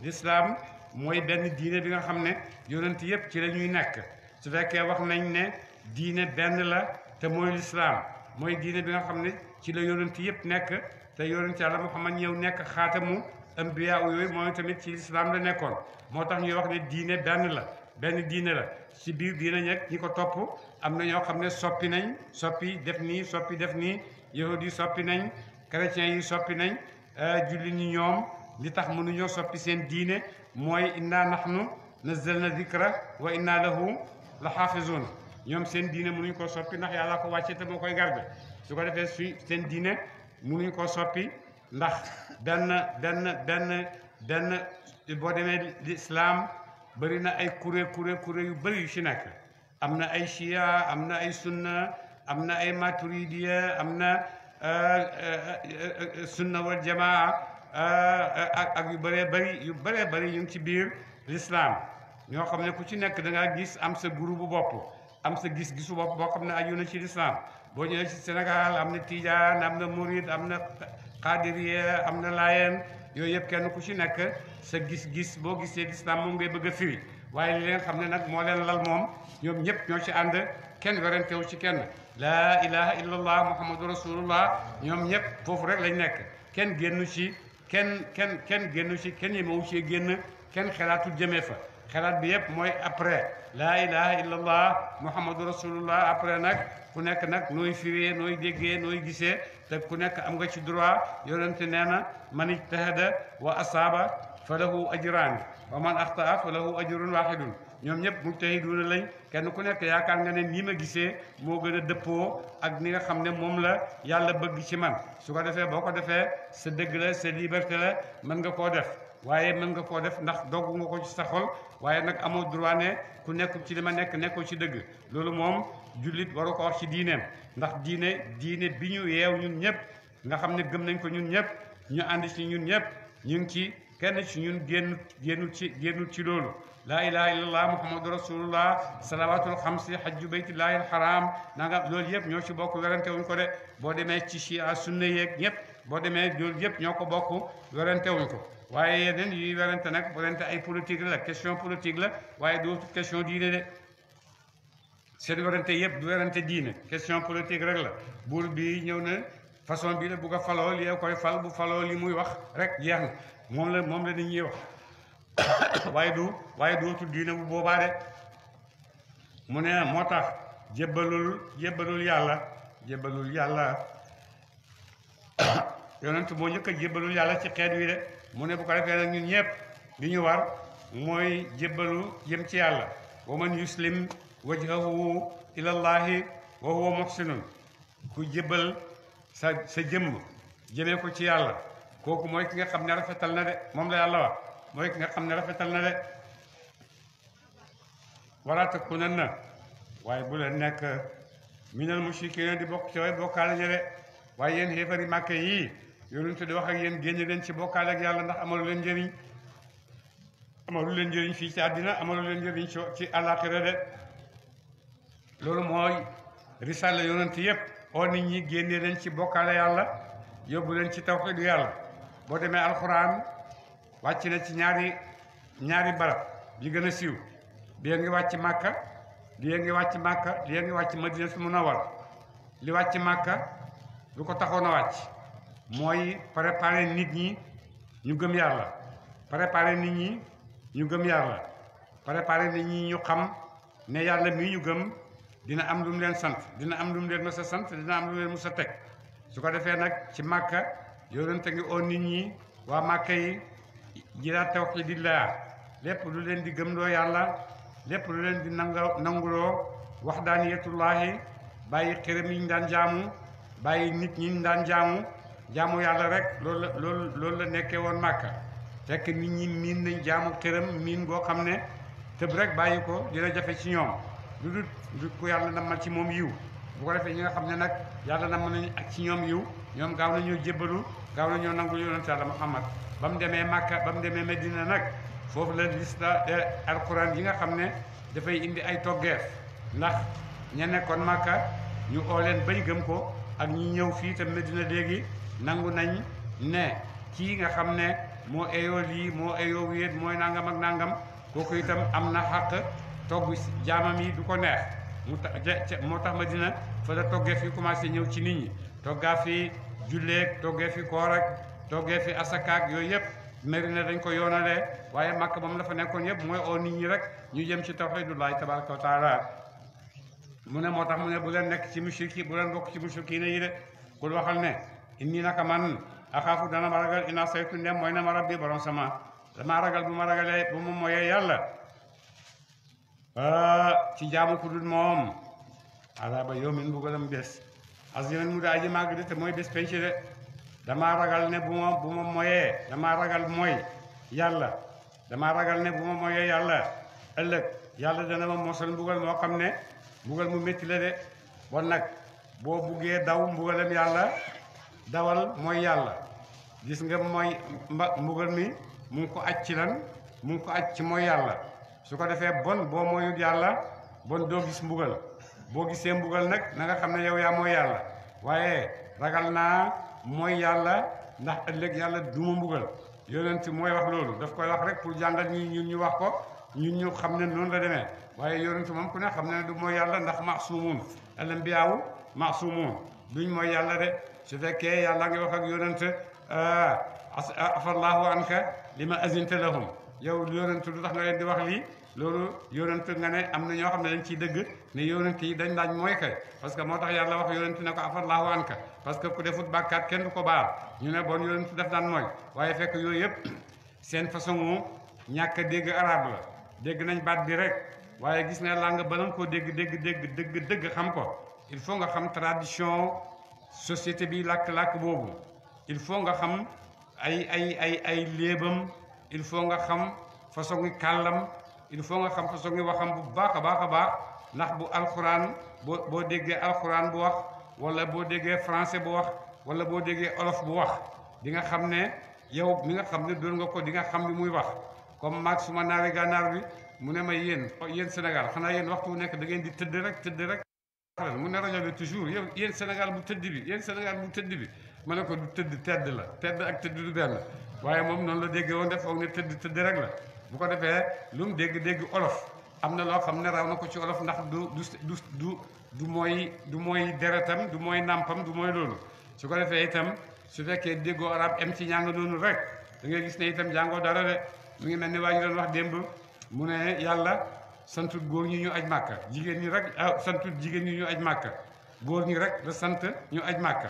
lislaam mooy benn diine bi nga xam ne yonent ci la nekk su fekkee wax nañ ne diine benn la te mooy lislaam moy diine bi nga xamne ci la yonent yep nek te yonent ala Muhammad ñëw nek khatamu anbiya yoy moy tamit ci islam la nekkon motax ñu wax ne diine ben la ben diine la ci biir diine ñek ñiko top am na ñoo xamne soppi nañ soppi def ni soppi def ni yahudi soppi nañ chrétien yi soppi nañ julli ñi ñom li tax ñoo soppi seen diine moy inna nahnu nazzalna zikra wa inna lahu ñoom seen diine mënuñ koo soppi ndax yàlla ko wàcce te moo koy garde su ko defee suñ seen diine mënuñ koo soppi ndax benn benn benn benn boo demee lislaam bari na ay kuréel kuréel kuréel yu bëri yu ci nekk am na ay chia am na ay sunna am na ay maturidiya am na euh, euh, euh, sunna wal jamaa ak ak yu baree bari yu bëree bëri ñu ci biir lislaam ñoo xam ne ku ci nekk dangaa gis am sa groupe bopp am sa gis-gisu boobu boo xam ne aju na ci lislaam boo ñëwee ci senegaal am na Tijaan am na Murid am na Xaadiriya am na Laayeen yooyu yëpp kenn ku ci nekk sa gis-gis boo gisee lislaam moom ngay bëgg a firi waaye li nga xam ne nag moo leen lal moom ñoom ñëpp ñoo ci ànd kenn werentewu ci kenn laa ilaha illallah muhammadu rasulullah ñoom ñëpp foofu rek lañ nekk kenn génnu ci kenn kenn kenn génnu ci kenn yemewu ci génn kenn xelaatul jëmee fa xalaat bi yëpp mooy après laa ilaha illallah muhammadu rasulullah après nag ku nekk nag nooy firee nooy déggee nooy gisee te ku nekk am nga ci droit yonente nee na man ijtahada wa asaaba fa lahu ajraan wa man axtaa fa lahu ajrun waaxidun ñoom ñëpp mujtahiduuna lañ kenn ku nekk yaakaar nga ne nii ma gisee moo gën a dëppoo ak ni nga xam ne moom la yàlla bëgg ci man su ko defee boo ko defee sa dëgg la sa liberté la mën nga koo def waaye mën nga koo def ndax dogg nga ko ci sa xol waaye nag amoo droit ku nekkul ci li ma nekk nekkul ci dëgg loolu moom jullit waru ko wax ci diineem ndax diine diine bi ñu yeew ñun ñëpp nga xam ne gëm nañ ko ñun ñëpp ñu ànd ci ñun ñëpp ñu ngi ci kenn ci ñun génn génnul ci génnul ci loolu laa ilaha illallah muhammadu rasulullah xam si hajju baytillahi alxaram na nga loolu yëpp ñoo ci bokk werante wuñ ko de boo demee ci chia sunna yeeg ñëpp boo demee loolu yëpp ñoo ko bokk ko waaye yeneen yuy werante nag werante ay politique la question politique la waaye du question diine de seen werante yëpp du werante diine question politique rek la buur bi ñëw na façon bi la bu ko faloo li koy fal bu faloo li muy wax rek jeex na moom la moom la nit ñuy wax waaye du waaye dootul diine bu boobaa de mu ne moo tax jébbalul jébbalul yàlla jébbalul yàlla yonent moo njëkk a jébbalul yàlla ci xeet wi de mu ne bu ko defee nag ñun ñëpp li ñu war mooy jébbalu jëm ci yàlla wa man yuslim wajhahu ilallahi wa huwa muhsinun ku jébbal sa sa jëmm jëmee ko ci yàlla kooku mooy ki nga xam ne rafetal na de moom la yàlla wax mooy ki nga xam ne rafetal na de wala takunanna waaye bu leen nekk minal mushrikiina di bokk ci way bokkaale ñe de waaye yéen xéefari màkke yii yonent di wax ak yéen génne leen ci bokkaale ak yàlla ndax amalu leen njëriñ amalu leen njëriñ fii ci àddina amalu leen njëriñ ci àllaaxira de loolu mooy risale yonent yëpp oo nit ñi génne leen ci bokkaale yàlla yóbbu leen ci taw tawxiidu yàlla boo demee alxuraan wàcc na ci ñaari ñaari barab yi gën a siiw bi ngi wàcc màkka li ngi wàcc màkka li ngi wàcc madina su munawwar li wàcc màkka lu ko taxoon a wàcc mooy préparer nit ñi ñu gëm yàlla préparer nit ñi ñu gëm yàlla préparer nit ñi ñu xam ne yàlla mii ñu gëm dina am lu mu leen sant dina am lu mu leen mës a sant dina am lu mu sa teg su ko defee nag ci màkka yonente ngi oo nit ñi waa màkka yi jilaa tawxidillah lépp lu leen di gëm gëmloo yàlla lépp lu leen di nanga nanguloo waxdaaniyatullaahi bàyyi xërëm yi ñu daan jaamu bàyyi nit ñi daan jaamu jaamu yàlla rek loolu la loolu loolu la nekkee woon màkka fekk nit ñi miin nañ jaamu këram miin boo xam ne tëb rek bàyyi ko dina jafe ci ñoom lu dul du ku yàlla namal ci moom yiw bu ko defee ñi nga xam ne nag yàlla namal nañ ak ci ñoom yiw ñoom gaaw nañoo jébbalu gaaw nañoo nangu yonent yàlla Muhammad ba mu demee màkka ba mu demee Medina nag foofu la lista eh, alquran yi nga xam ne dafay indi ay toggeef ndax ña nekkoon màkka ñu oo leen bañ gëm ko ak ñu ñëw fii tam Medina léegi nangu nañ ne kii nga xam ne moo eyoo lii moo eyoo wéet mooy nangam ak nangam kooku itam am na xàq togg jaamam yi du ko neex mu moo tax ma dina fa la toggee fi commencé ñëw ci nit ñi toggaa fi julleeg toggee fi koor ak toggee fi asakaak yooyu yëpp mari na dañ ko yoonalee waaye màkk moom la fa nekkoon yëpp mooy oo nit ñi rek ñu jëm ci tawxidullahi tabaraka wa taala mu ne moo tax mu ne bu leen nekk ci mushriki bu leen bokk ci kii mushrikina yi de kul waxal ne inni naka man axaafu dana ma ragal ina saytu ndem mooy na ma rabbi borom sama dama ragal bu ma ragalee bu ma moyee yàlla ci jaamu ku dul moom azaba yawmin mbugalam bés azimin mu daaji màgg de te mooy bés penc de dama ragal ne bu ma moyee dama ragal mooy yàlla dama ragal ne bu ma moyee yàlla ëllëg yàlla dana ma mosal mbugal moo xam ne mbugal mu métti la de bon nag boo buggee daw mbugalam yàlla dawal mooy yàlla gis nga mooy mba mbugal mi mu ngi ko aj ci lan mu ngi ko aj ci mooy yàlla su ko defee bon boo mooyut yàlla bon doo gis mbugal boo gisee mbugal nag na nga xam ne yow yaa mooy yàlla waaye ragal naa mooy yàlla ndax ëllëg yàlla du duma mbugal yonent mooy wax loolu daf koy wax rek pour jàngal ñi ñun ñu wax ko ñu ñu xam ne noonu la demee waaye yonent moom ku ne xam ne du mooy yàlla ndax maasumun al bi maasumun duñ mooy yàlla su fekkee yàlla ngi wax ak yonent eh, eh, afallahu anka li ma azinta lahum yow yonent lu tax nga leen di wax lii loolu yonent nga ne am na ñoo xam ne dañ ciy dëgg ne yonent yi dañ daañ mooy kay parce que moo tax yàlla wax yonent ne ko afallahu anka parce que ku defut bàkkaat kenn du ko baal ñu ne bon yonent def daan mooy waaye fekk yooyu yëpp seen façon ñàkk dégg arab la dégg nañ baat bi rek waaye gis ne làng bala nga koo dégg dégg dégg dëgg dëgg xam ko il faut nga xam tradition société bi làkk-làkk boobu il faut nga xam ay ay ay ay léebam il faut nga xam façon ngi kàllam il faut nga xam façon ngi waxam bu baax a baax a baax ndax bu alxuraan boo boo déggee alxuraan bu wax wala boo déggee français bu wax wala boo déggee olof bu wax di nga xam ne yow mi nga xam ne doon nga ko di nga xam bi muy wax comme maag suma naari gànnaar bi mu ne ma yéen yéen Sénégal xanaa yéen waxtu wu nekk da ngeen di tëdd rek tëdd rek mu ne rajo bi toujours yow yéen Sénégal bu tëdd bi yéen Sénégal bu tëdd bi ma ne ko du tëdd tedd la tedd ak tëdd du benn waaye moom noonu la dégg woon def foog ne tëdd tëdd rek la bu ko defee lu mu dégg dégg olof am na loo xam ne raw na ko ci olof ndax du du du mooy du mooy deretam du mooy nàmpam du mooy loolu su ko defee itam su fekkee déggoo arab em ci ñàng noonu rek da ngay gis ne itam jàngoo dara de mu ngi mel ni waa ñu doon wax démb mu ne yàlla santul góor ñi ñu aj màkka jigéen ñi rek ah santul jigéen ñi ñu aj màkka góor ñi rek la sant ñu aj màkka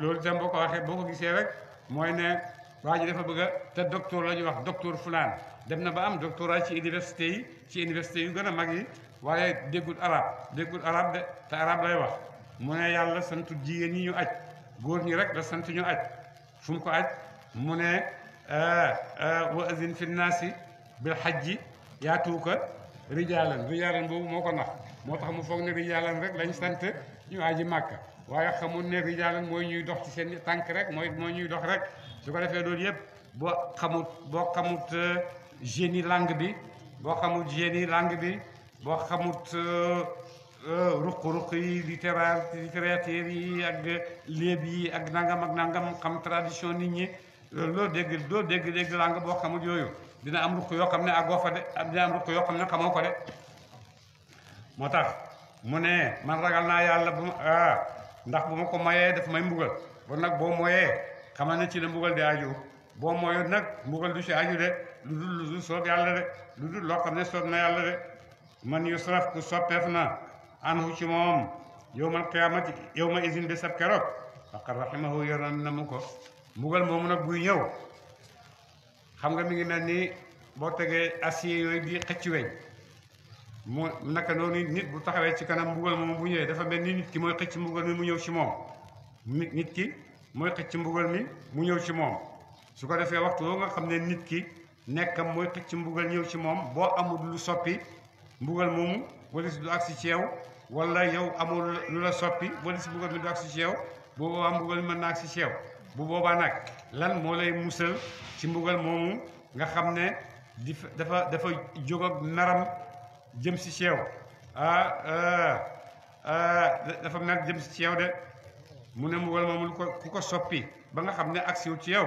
loolu itam boo ko waxee boo rek mooy ne waa dafa bëgg te docteur la wax docteur fulaan dem na ba am doctorat ci université yi ci université yu gën mag yi waaye déggul arab déggul arab de te arab lay wax mu ne yàlla santul jigéen ñi ñu aj góor ñi rek la sant ñu aj fu ko aj mu ne wa azin fi nnaasi bil hajji yaatuuka rijaalan rijaalan boobu moo ko nax moo tax mu foog ne rijaalan rek lañ sant ñu aji màkka waaye xamul ne rijaalan mooy ñuy dox ci seen tànk rek mooy mooy ñuy dox rek su ko defee loolu yëpp boo xamut boo xamut euh, génie langue bi boo xamut génie langue bi boo xamut euh, euh, ruq-ruq yi littéraire littérature yi ak léeb yi ak nangam ak nangam xam tradition nit ñi loo dégg doo dégg dégg langue boo xamut yooyu dina am ruq yoo xam ne àggoo fa de dina am ruq yoo xam ne xamoo ko de moo tax mu ne man ragal naa yàlla bu ma ndax bu ma ko mayee daf may mbugal kon nag boo mooyee xamal ne ci la mbugal di aju boo mooyut nag mbugal du ci aju de lu dul lu dul soob yàlla de lu dul loo xam ne soob na yàlla de man yusraf ku soppeef na anhu ci moom yawmal qiyaamati ma izin bi sab keroog faqad rahimahu yoroon na mu mbugal moomu nag buy ñëw xam nga mi ngi mel ni boo tegee acier yooyu di xëcc weñ mu naka noonu nit bu taxawee ci kanam mbugal moom bu ñëwee dafa mel ni nit ki mooy xëcc mbugal mi mu ñëw ci moom nit nit ki mooy xëcc mbugal mi mu ñëw ci moom su ko defee waxtu nga xam ne nit ki nekkam mooy xëcc mbugal ñëw ci moom boo amul lu soppi mbugal moomu wala si du agsi ci yow wala yow amul lu la soppi wala si mbugal mi du agsi ci yow boo am mbugal mi mën naa agsi ci yow bu boba nak lan mo lay mussel ci mbugal moomu nga xamne dafa dafa jog ak naram jëm si xew ah, ah ah dafa nak jëm si xew de mu ne mbugal ku ko soppi ba nga xamne aksi wu ci yow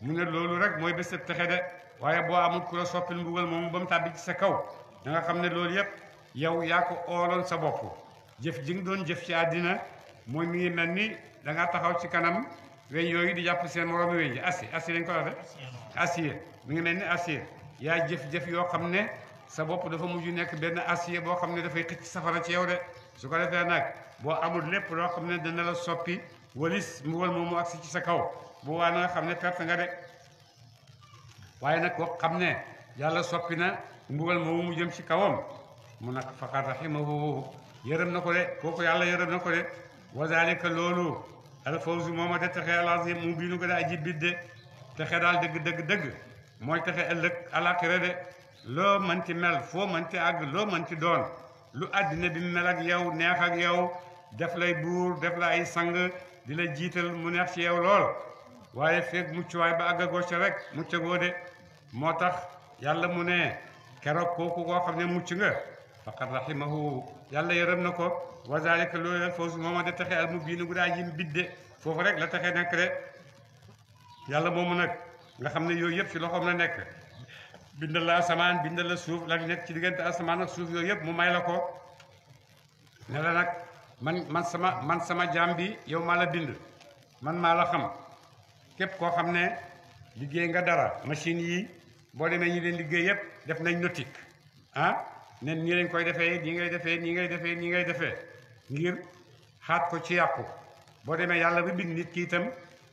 mu ne loolu rek moy bés a taxé de waye bo amul ku la soppi mbugal moomu bam tabbi ci sa kaw da nga xamne lolu yépp yow ya ko olon sa bop jëf jing doon jëf ci adina moy mi ngi da nga taxaw ci kanam weñ yooyu di jàpp seen moromu weñ yi assi assi lañ ko wax mi ngi mel ni acier yaay jëf-jëf yoo xam ne sa bopp dafa mujj nekk benn acier boo xam ne dafay xëcc safara ci yow de su ko defee nag boo amul lépp loo xam ne dana la soppi walis mu wal moomu agsi ci sa kaw bu waa na nga xam ne perte nga de waaye nag koo xam ne yàlla soppi na mbugal moomu mu jëm ci kawam mu nag faqat rahimahu yërëm na ko de kooku yàlla yërëm na ko de wa zalika loolu alfawz moom ak a texe alazim mu biinu ko da aji bidde texe daal dëgg dëgg dëgg mooy texe ëllëg alaxira de loo mën ci mel foo mën ci àgg loo mën ci doon lu àddina bi mel ak yow neex ak yow def lay buur def la ay sang di la jiital mu neex ci yow lool waaye feeg muccuwaay ba àgg agoo ca rek muccagoo de moo tax yàlla mu ne keroog kooku koo xam ne mucc nga faqad rahimahu yàlla yërëm na ko وذلك لولا الفوز ما مدة تخي المبين ولا يم بدء فورك لا تخي نكر يلا مومنك لا خمن يو يب شلو خمن نك بند الله سمان بند الله سوف لا نك تيجين تاس سمان سوف يو يب مماي لكو نلا نك من من سما من سما جامبي يوم مالا بند من مالا خم كيف كو خمن ليجين غدارا ماشيني بودي ما يدين ليجين يب دفن ينوتيك ها نن نيرين كوي دفعي نيجي دفعي نيجي دفعي نيجي دفعي ngir xaat ko ci yàqu boo demee yàlla bi bind nit ki itam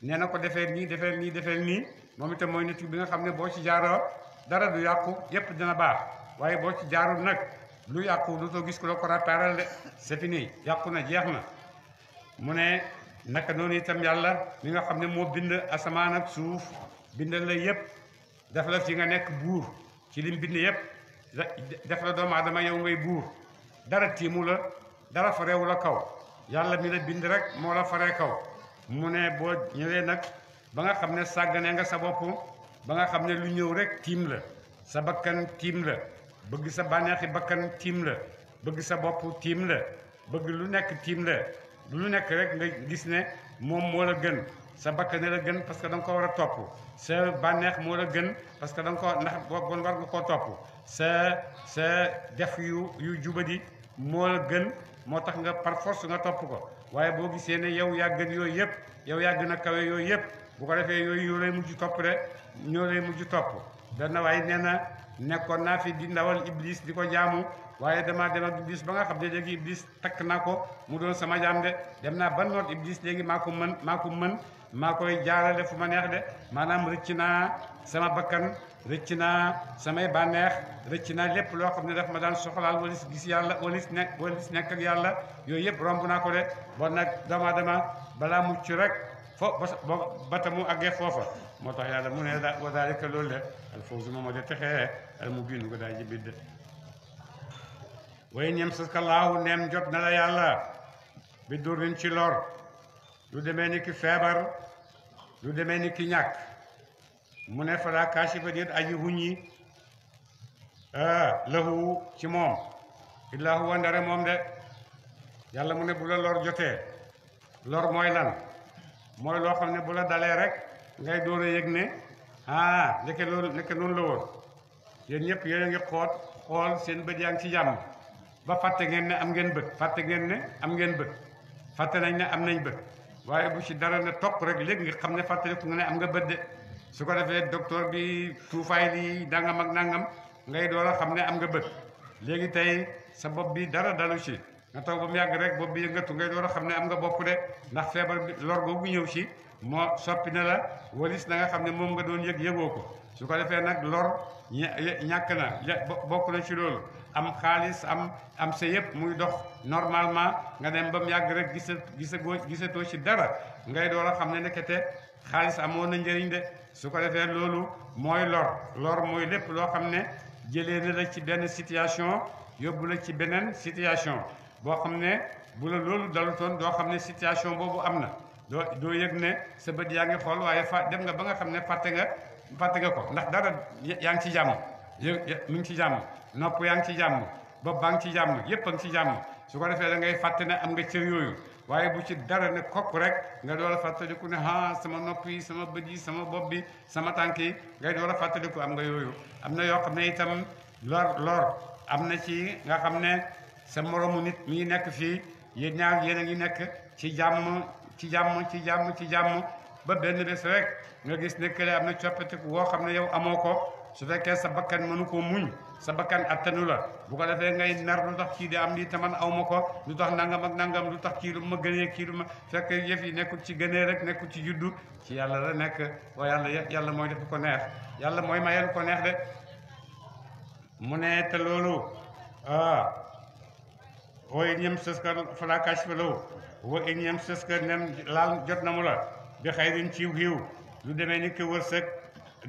nee na ko defee nii defee nii defee nii moom itam mooy nit bi nga xam ne boo ci jaaroo dara du yàqu yépp dina baax waaye boo ci jaarul nag lu yàqu du ko gis ku la ko rappaaral de c'est fini yàqu na jeex na mu ne naka noonu itam yàlla mi nga xam ne moo bind asamaan ak suuf bindal la yépp def la fi nga nekk buur ci lim bind yépp def la doomu aadama yow ngay buur dara tiimu la dara farewu la kaw yalla mi la bind rek mo la faré kaw mune bo ñewé nak ba nga xamné sagane nga sa bop ba nga xamné lu ñew rek tim la sa bakkan tim la bëgg sa banexi bakkan tim la bëgg sa bop tim la bëgg lu nekk tim la lu nekk rek nga gis né moom mo la gën sa bakkan la gën parce que dang ko wara top sa banex mo la gën parce que dang ko ndax bon war nga ko top sa sa def yu yu jubadi mo la gën moo tax nga par force nga topp ko waaye boo gisee ne yow yaa gën yooyu yëpp yow yaa gën a kawe yooyu yëpp bu ko defee yooyu yoo lay mujj topp de ñoo lay mujj topp dana waaye nee na nekkoon naa fi di ndawal iblis di ko jaamu waaye damaa dem ak ba nga xam ne léegi iblis takk naa ko mu doon sama jaam de dem naa ban noot iblis léegi maa ko mën maa mën maa koy jaarale fu ma neex de maanaam rëcc naa sama bakkan rëcc naa samay bànneex rëcc naa lépp loo xam ne daf ma daan soxlaal walis gis yàlla walis nekk walis nekk yàlla yooyu yëpp romb naa ko de bon nag dama dama balaa mucc rek fo bata mu àggee foofa moo tax yàlla mu ne wa daalika loolu de al fawzu mu biinu ko daal ji sa kalaahu neem jot na la yàlla bi durin ci lor lu demee ni ki feebar lu demee ni ñàkk mu ne fala kaasifa déet aji huññi ah, lahu ci moom illaa huwa ndare moom de yàlla mu ne bu la lor jotee lor mooy lan mooy loo xam ne bu la dalee rek ngay door a yëg ne ah ndeke loolu ndeke noonu la woon yéen ñëpp yéen ngi xoot xool seen bët yaa ngi ci jàmm ba fàtte ngeen ne am ngeen bët fàtte ngeen ne am ngeen bët fàtte nañ ne am nañ bët waaye bu ci dara ne topp rek léegi nga xam ne fàttaliku nga ne am nga bët de su ko defee docteur bi tuufaay di nangam ak nangam ngay door a xam ne am nga bët léegi tey sa bopp bi dara dalu ci nga taw ba mu yàgg rek bopp bi yëngatu ngay door a xam ne am nga bopp de ndax feebar bi lor googu ñëw ci moo soppi na la walis na nga xam ne moom nga doon yëg yëgoo ko su ko defee nag lor ya, ñàkk na ya, bokk na ci loolu am xaalis am am sa yëpp muy dox normalement nga dem ba mu yàgg rek gisa gisagoo gisatoo ci dara ngay door a xam ne nekkete xaalis amoon na njëriñ de su ko defee loolu mooy lor lor mooy lépp loo xam ne jëlee na la ci benn situation yóbbu la ci beneen situation boo xam ne bu la loolu dalutoon doo xam ne situation boobu am na doo doo yëg ne sa bët yaa ngi xool waaye fa dem nga ba nga xam ne fàtte nga fàtte nga ko ndax dara yaa ngi ci jàmm yëg mu ngi ci jàmm nopp yaa ngi ci jàmm bopp baa ngi ci jàmm yépp a ngi ci jàmm su ko defee da ngay fàtte ne am nga cër yooyu waaye bu ci dara ne kokk rek nga door a fàttaliku ne ah sama nopp sama bët yi sama bopp bi sama tànk yi ngay door a fàttaliku am nga yooyu am na yoo xam ne itam lor lor am na ci nga xam ne sa moromu nit mi ngi nekk fii yéen ñaar yéen a ngi nekk ci jàmm ci jàmm ci jàmm ci jàmm ba benn bés rek nga gis ne kële am na coppite woo xam ne yow amoo ko su fekkee sa bakkan mënu koo muñ sa bakkan attanu la bu ko defee ngay nar lu tax kii di am lii taman aw ma ko lu tax nangam ak nangam lu tax kii lu ma gënee kii ma fekk yëf yi nekkul ci gënee rek nekkul ci juddu ci yàlla la nekk waaye yàlla yàlla mooy def ko neex yàlla mooy mayal ko neex de mu ne te loolu ah wa in yamsaska falaa kaashifa lahu wa in yamsaska laal jot na mu la bi xayrin ci xiiw lu demee ni ki wërsëg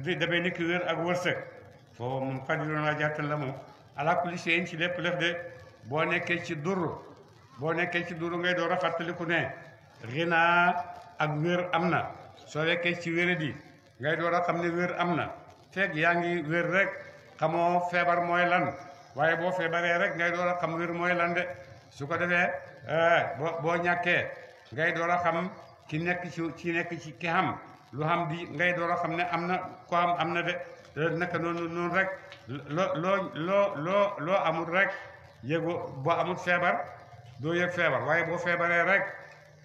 lu demee ni ki ak wërsëg foo mun qadiroon a jàttal la moom ala kulli shay'in ci lépp lëf de boo nekkee ci dur boo nekkee ci dur ngay door a ne xinaa ak wér am na soo nekkee ci wéradi ngay door a xam ne wér am na fekk yaa ngi wér rekk xamoo feebar mooy lan waaye boo feebaree rek ngay door a xam wér mooy lan de su ko defee eh, boo boo ñàkkee ngay door xam ki nekk ci ci nekk ci ki xam lu xam bi ngay door xam ne am na ko am am na de te naka noonu noonu rek loo loo loo loo loo amul rek yëgoo boo amul feebar doo yëg feebar waaye boo feebaree rek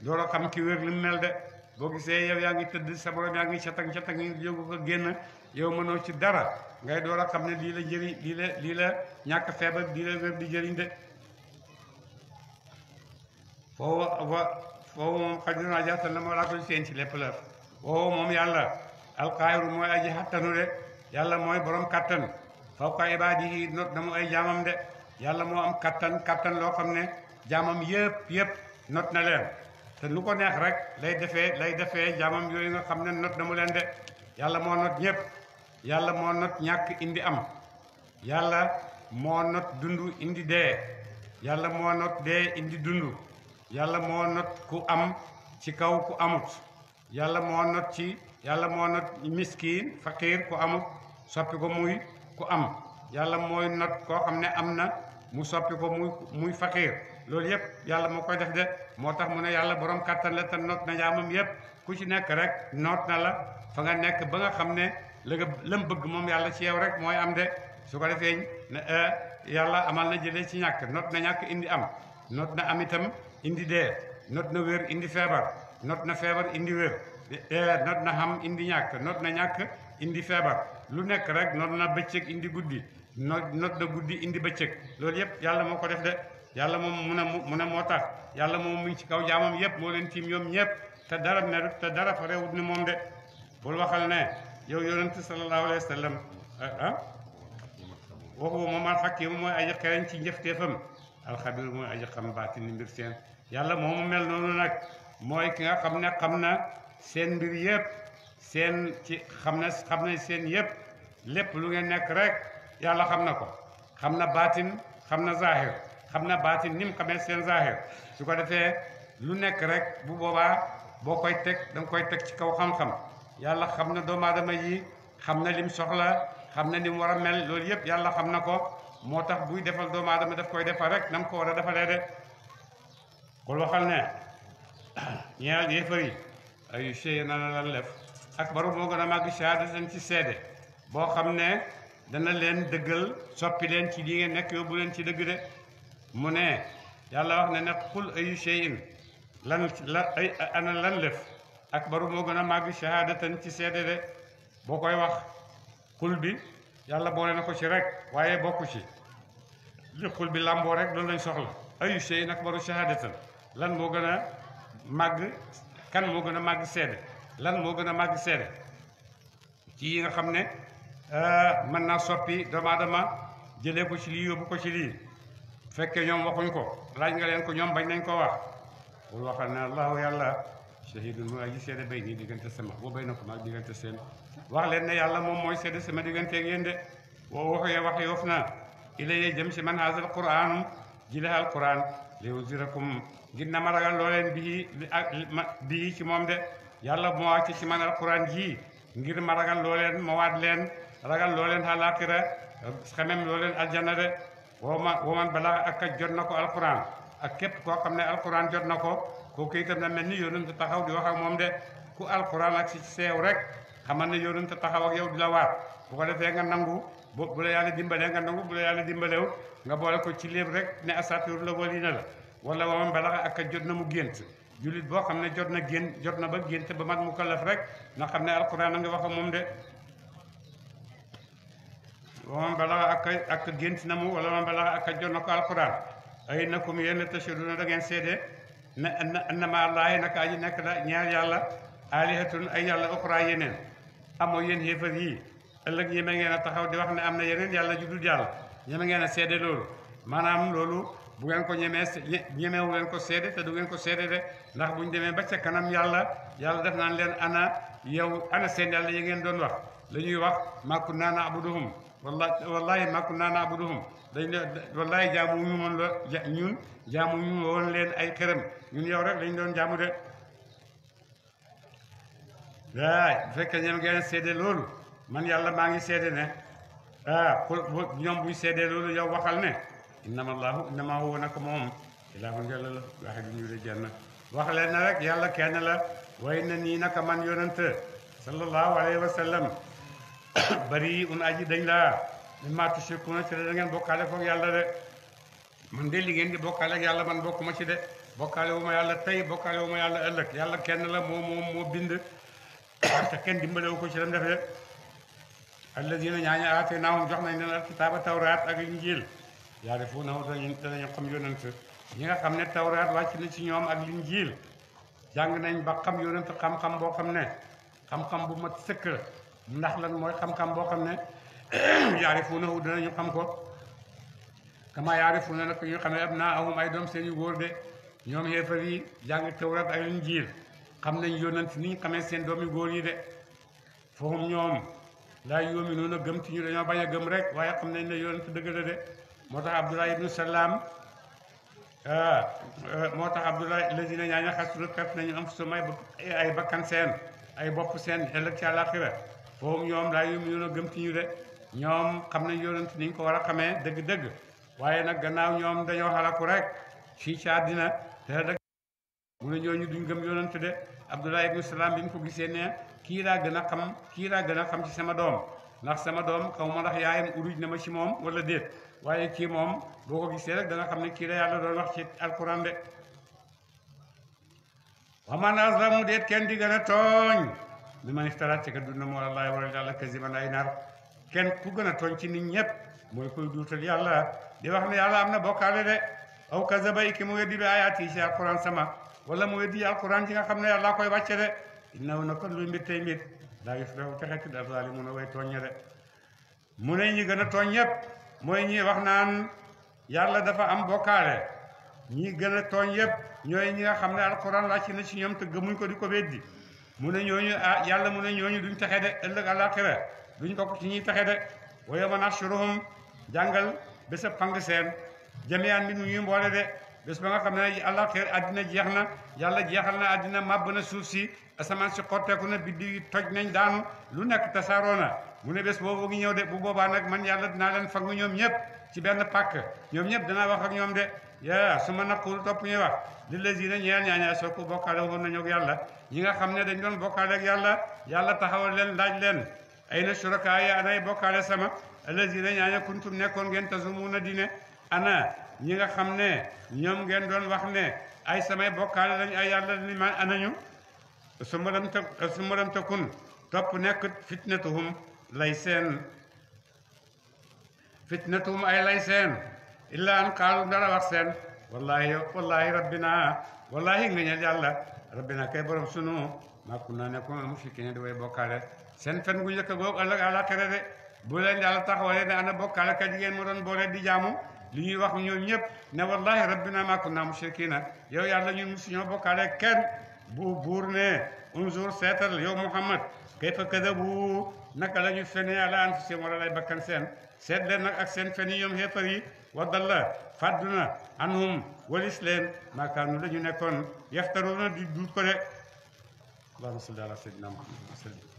doo la xam ki wér li mu mel de boo gisee yow yaa ngi tëdd sa borom yaa ngi catang catang yëgu ko génn yow mënoo ci dara ngay door a xam ne lii la jëriñ lii la lii la ñàkk feebar lii la wér di jëriñ de foofu foofu moom xajul naa jaasal na moo laa ko seen ci lépp la foofu moom yàlla alxaayiru mooy aji xattanu de yàlla mooy borom kattan fawqa ibaadihi not na mu ay jaamam de yàlla moo am kàttan kattan loo xam ne jaamam yëpp yëpp not na leen te lu ko neex rek lay defee lay defee jaamam yooyu nga xam ne not na mu leen de yàlla moo not ñëpp yàlla moo not ñàkk indi am yàlla moo not dund indi dee yàlla moo not dee indi dund yàlla moo not ku am ci kaw ku amut yàlla moo not ci yàlla moo not miskin fakir ku amut soppi ko muy ku am yàlla mooy not koo xam ne am na mu soppi ko muy muy loolu yëpp yàlla moo koy def de moo tax mu ne yàlla borom kàttan la te noot na jaamam yëpp ku ci nekk rek not na la fa nga nekk ba nga xam ne la nga lam bëgg moom yàlla ci yow rek mooy am de su ko defee e, yàlla amal na jëlee ci ñàkk noot na ñàkk indi am noot na am itam indi dee noot na wér indi feebar noot na feebar indi wér e, e, noot na xam indi ñàkk noot na ñàkk indi feebar lu nekk rek noot na bëccëg indi guddi noot noot na guddi indi bëccëg loolu yëpp yàlla moo ko def de yàlla moom mu ne mu ne moo tax yàlla moom mu ngi ci kaw jaamam yëpp moo leen tiim ñoom ñëpp te dara merut te dara farewut ni moom de bul waxal ne yow yonent sallallahu alayhi wa sallam eh, ah waxu moom alxakiim mooy aji xereñ ci njëfteefam alxabir mooy aji xam baati ni mbir seen yàlla moomu mel noonu nag mooy ki nga xam ne xam na seen mbir yëpp seen ci xam na xam nañ seen yépp lépp lu ngeen nekk rekk yàlla xam na ko xam na baatin xam na zahir xam na baatin ni mu xamee seen zahir su ko defee lu nekk rek bu boobaa boo koy teg danga koy teg ci kaw xam-xam yàlla xam na doomu aadama yi xam na lim soxla xam na ni mu war a mel loolu yépp yàlla xam na ko moo tax buy defal doomu aadama daf koy defal rek danga mu ko war a defalee de kon waxal ne ñeel yéefar yi ay na la lef akbaru moo gën a màgg shahaadatan ci seede boo xam ne dana leen dëggal soppi leen ci li ngeen nekk yóbbu leen ci dëgg de mu ne yàlla wax ne ne xul ayu shay'in lan la ay ana lan lëf akbaru moo gën a màgg shahaadatan ci seede de boo koy wax xul bi yàlla boole na ko ci rek waaye bokku ci li xul bi làmboo rek loolu lañ soxla ayu shay'in akbaru shahaadatan lan moo gën a màgg kan moo gën a màgg seede lan moo gën a màgg seede ci yi nga xam ne euh, mën naa soppi doomu aadama jëlee ko ci lii yóbbu ko ci lii fekkee ñoom waxuñ ko laaj nga leen ko ñoom bañ nañ ko wax wul waxal ne allahu yàlla shahidun mooy aji seede bay nii diggante sama boo bay na ko maag diggante seen wax leen ne yàlla moom mooy seede sama diggante ak yéen de woo waxee wax yoof na ilayee jëm si man haazal quraan jile al quraan li usirakum ngir na ma ragal loo leen bii bii ci moom de yalla mo wacc ci man alquran ji ngir ma ragal loo len ma waat leen ragal loo leen xalaatira xamem loo leen aljana re woo ma woo man balaa ak a jot ko ak kep ko xamne ne alxuraan jot ko itam na melni yonent taxaw di wax ak mom de ku alquran ak ci sew rek xamane yonent taxaw ak yow dila wat bu ko defee nga nangu bu la yalla dimbalé nga nangu bu la yàlla nga bolé ko ci lib rek ne asatur la wali la wala woo man balaa ak jot na mu julit bo xamne jot na génn jot na ba génn te ba mat mukallaf rek na xamne alquran nga wax ak moom de waman bala ak ak gént na mu wala man balaxa ak jot na ko alquran ay nakum yéen tashaduna da ngeen sede na annama laahi naka aji nekk la ñaar yalla alihatun ay yalla uxra yenen amo yen xéefar yi ëllëg ñeme ngeen taxaw di wax ne am na yeneen yàlla ju dul yàlla ñeme ngeen a seede loolu bu ngeen ko ñemee ñemewu leen ko seede te du ngeen ko seede de ndax bu demee ba ca kanam yàlla yàlla def naan leen ana yow ana seen yàlla yi ngeen doon wax lañuy wax màkku naana abuduhum wallahi wallahi màkku naana abuduhum dañ ne wallahi jaamu ñu moon la ñun jaamu ñu leen ay këram ñun yow rek lañ doon jaamu de waay bu fekkee ñoom ngeen seede loolu man yàlla maa ngi sedde ne ah ñoom buy seede loolu yow waxal ne innama allahu innama huwa nag moom ilaahun yàlla la waahidun yu jenn wax leen na la way na nii naka man yonent sallallahu alayhi wa sallam bari un aji dañ laa mimmaa tushrikuuna ci da ngeen bokkaale foog yàlla de man de li ngeen di yàlla man bokkuma ci de bokkaale wu ma yàlla tey bokkaale wu ma yàlla ëllëg yàlla kenn la moo moom moo bind te kenn dimbalewu ko ci lam def de alladina ñaaña aataynaahum jox nañ leen alkitaaba tawraat ak injiil yaa def wu na dañu xam yonent ñi nga xam ne tawraat wàcc na ci ñoom ak linjiil jàng nañ ba xam yonent xam-xam boo xam ne xam-xam bu mat sëkk ndax lan mooy xam-xam boo xam ne yaarifuunahu danañu xam ko kama yaarifuuna nag ñu naa abnaahum ay doom seen yu góor de ñoom xeefar yi jàng tawrat ak injiil xam nañ yonent ni ñu xamee seen doom yu góor yi de foofu ñoom laa yoomi noonu gëm ci ñu dañoo bañ a gëm rek waaye xam nañ ne yonent dëgg de moo tax abdullah ibnu salaam ah, ah, moo tax abdullah lazina ñaa ña xasru perte nañu am sumay ay bakkan seen ay bopp seen ëllëg ci àllaaxira foofu ñoom laa yu ñu gëm ci ñu de ñoom xam nañ yonent ni ñu ko war a xamee dëgg-dëgg waaye nag gannaaw ñoom dañoo xalaku rek fii ci àddina te dëgg mu ne ñooñu duñ gëm yonent de abdullah ibnu salaam bi mu ko gisee ne kii laa gën a xam kii laa gën a xam ci sama doom ndax sama doom xaw ma yaayam uruj na ma ci moom wala déet waaye kii moom boo ko gisee rek da nga xam ne kii la yàlla doon wax ci alquran de wa man azlamu déet kenn di gën a tooñ mi man iftara ci ka dund moo la laay wala yàlla kasiban ay nar kenn ku gën a tooñ ci nit ñëpp mooy yàlla di wax ne am na bokkaale de aw mu weddi bi ayaat yi ci alquran sama wala mu weddi alquran ci nga xam ne yàlla koy wàcce de innahu na kon luy mbir tey mbir laa yuflihu texe ki dal zalimuna way tooñ de mu ne ñi gën a tooñ ñëpp mooy ñi wax naan yàlla dafa am bokkaale ñii gën a tooñ yépp ñooy ñi nga xam ne alxuraan laaj na ci ñoom te gëmuñ ko di ko weddi mu ne ñooñu ah yàlla mu ne ñooñu duñ texe de ëllëg àllaaxira duñ bokk ci ñuy texe de wa yawma nahshuruhum jàngal bésab pang seen jami'an mbir mu ñuy mboole de bés ba nga xam ne allah xeer àddina jeex na yàlla jeexal na àddina màbb na suuf si asamaan si xotteeku na biddi yi toj nañ daanu lu nekk tasaaroo na mu ne bés boobu ngi ñëw de bu boobaa nag man yàlla dinaa leen fang ñoom ñëpp ci benn pàkk ñoom ñëpp danaa wax ak ñoom de yaa su ma naqul topp ñuy wax di la zina ñeel ñaañaa soo ko bokkaale woon nañu yàlla ñi nga xam ne dañ doon bokkaale ak yàlla yàlla taxawal leen laaj leen ay na surakaaya anay bokkaale sama la zina ñaaña kuntum nekkoon ngeen tasumuna dine ana ñi nga xam ne ñoom ngeen doon wax ne ay samay bokkaale lañ ay yàlla ni ma anañu su ma dem ta su ma dem topp nekk fitnatuhum lay seen fitnatuhum ay lay seen illa an qaalu dara wax seen wallahi wallahi rabbina wallahi nga ñeel yàlla rabbina kay borom sunu ma maa kunna nekkoon fi kene way bokkaale seen fen gu njëkk googu ëllëg àllaaxira de bu leen yàlla taxawalee ne ana bokkaale ka jigéen mu doon boole di jaamu li ñuy wax ñoom ñëpp ne wallahi rabbina ma kunna mushrikina yow yàlla ñun musuñoo bokkaale kenn bu buur ne unzur seetal yow muhammad kayfa kadabu naka la ñu fene ala anfusihim wala lay bakkan seen seet leen nag ak seen fen yi ñoom xéefar yi waddalla fàdduna anhum walis leen maakaanu la ñu nekkoon yaftaruuna di duut ko de allahumma salli ala sayyidina muhammad wa sallim